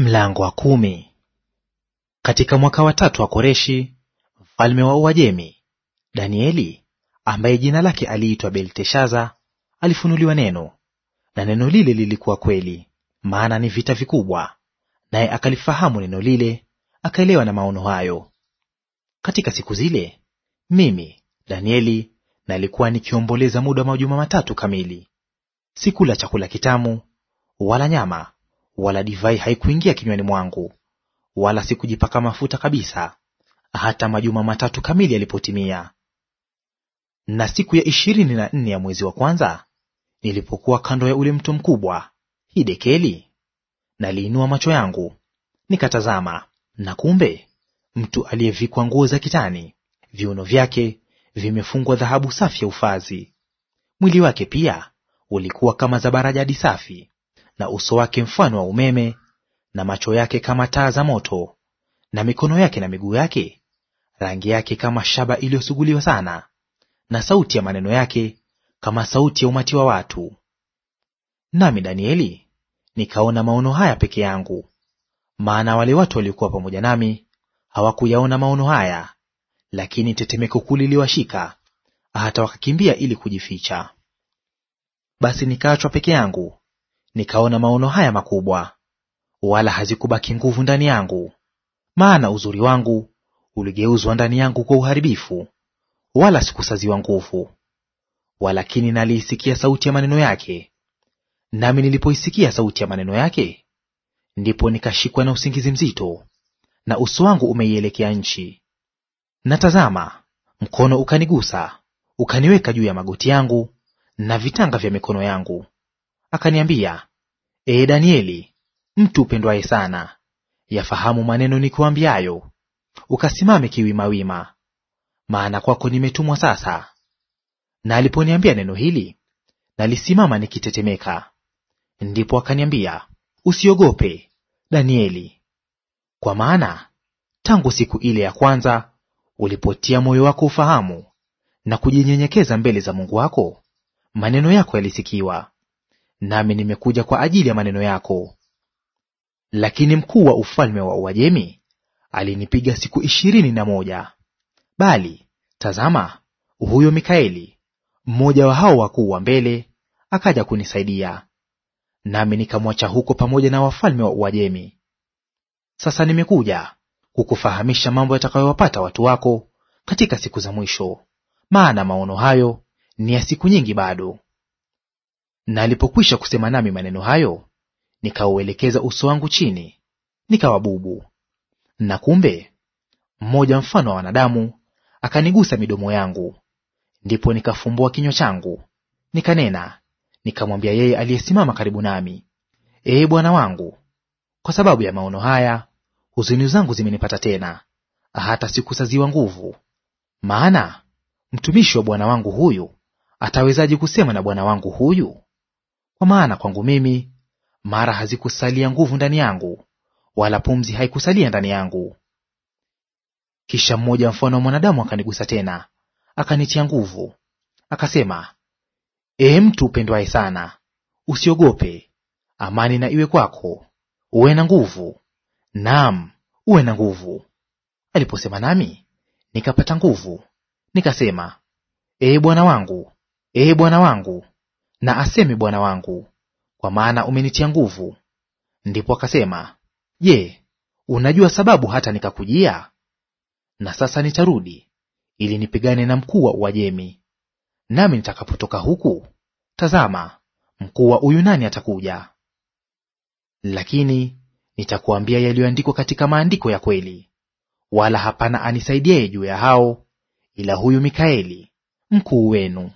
Mlango wa kumi. Katika mwaka wa tatu wa Koreshi mfalme wa Uajemi, Danieli ambaye jina lake aliitwa Belteshaza alifunuliwa neno, na neno lile lilikuwa kweli, maana ni vita vikubwa. Naye akalifahamu neno lile, akaelewa na maono hayo. Katika siku zile mimi Danieli nalikuwa nikiomboleza muda wa majuma matatu kamili, sikula chakula kitamu wala nyama wala divai haikuingia kinywani mwangu, wala sikujipaka mafuta kabisa, hata majuma matatu kamili yalipotimia. Na siku ya ishirini na nne ya mwezi wa kwanza, nilipokuwa kando ya ule mto mkubwa Hidekeli, naliinua macho yangu nikatazama, na kumbe mtu aliyevikwa nguo za kitani, viuno vyake vimefungwa dhahabu safi ya ufazi. Mwili wake pia ulikuwa kama zabarajadi safi, na uso wake mfano wa umeme, na macho yake kama taa za moto, na mikono yake na miguu yake rangi yake kama shaba iliyosuguliwa sana, na sauti ya maneno yake kama sauti ya umati wa watu. Nami Danieli nikaona maono haya peke yangu, maana wale watu waliokuwa pamoja nami hawakuyaona maono haya, lakini tetemeko kuu liliwashika hata wakakimbia ili kujificha. Basi nikaachwa peke yangu, nikaona maono haya makubwa, wala hazikubaki nguvu ndani yangu. Maana uzuri wangu uligeuzwa ndani yangu kwa uharibifu, wala sikusaziwa nguvu. Walakini naliisikia sauti ya maneno yake, nami nilipoisikia sauti ya maneno yake, ndipo nikashikwa na usingizi mzito, na uso wangu umeielekea nchi. natazama mkono ukanigusa, ukaniweka juu ya magoti yangu na vitanga vya mikono yangu akaniambia, Ee Danieli, mtu upendwaye sana, yafahamu maneno nikuambiayo, ukasimame kiwimawima, maana kwako nimetumwa sasa. Na aliponiambia neno hili, nalisimama nikitetemeka. Ndipo akaniambia, usiogope Danieli, kwa maana tangu siku ile ya kwanza ulipotia moyo wako ufahamu na kujinyenyekeza mbele za Mungu wako, maneno yako yalisikiwa, nami nimekuja kwa ajili ya maneno yako. Lakini mkuu wa ufalme wa Uajemi alinipiga siku ishirini na moja. Bali tazama, huyo Mikaeli mmoja wa hao wakuu wa mbele akaja kunisaidia, nami nikamwacha huko pamoja na wafalme wa Uajemi. Sasa nimekuja kukufahamisha mambo yatakayowapata watu wako katika siku za mwisho, maana maono hayo ni ya siku nyingi bado. Na alipokwisha kusema nami maneno hayo, nikauelekeza uso wangu chini, nikawa bubu. Na kumbe mmoja mfano wa wanadamu akanigusa midomo yangu. Ndipo nikafumbua kinywa changu, nikanena, nikamwambia yeye aliyesimama karibu nami, Ee Bwana wangu, kwa sababu ya maono haya huzuni zangu zimenipata tena, hata sikusaziwa nguvu. Maana mtumishi wa bwana wangu huyu atawezaje kusema na bwana wangu huyu, kwa maana kwangu mimi mara hazikusalia nguvu ndani yangu, wala pumzi haikusalia ndani yangu. Kisha mmoja mfano wa mwanadamu akanigusa tena, akanitia nguvu, akasema, Ee mtu upendwaye sana, usiogope; amani na iwe kwako, uwe na nguvu, naam, uwe na nguvu. Aliposema nami, nikapata nguvu, nikasema, Ee Bwana wangu, Ee Bwana wangu, na aseme bwana wangu, kwa maana umenitia nguvu. Ndipo akasema, Je, unajua sababu hata nikakujia? Na sasa nitarudi ili nipigane na mkuu wa Uajemi. Nami nitakapotoka huku, tazama, mkuu wa Uyunani atakuja. Lakini nitakuambia yaliyoandikwa katika maandiko ya kweli, wala hapana anisaidiaye juu ya hao ila huyu Mikaeli mkuu wenu.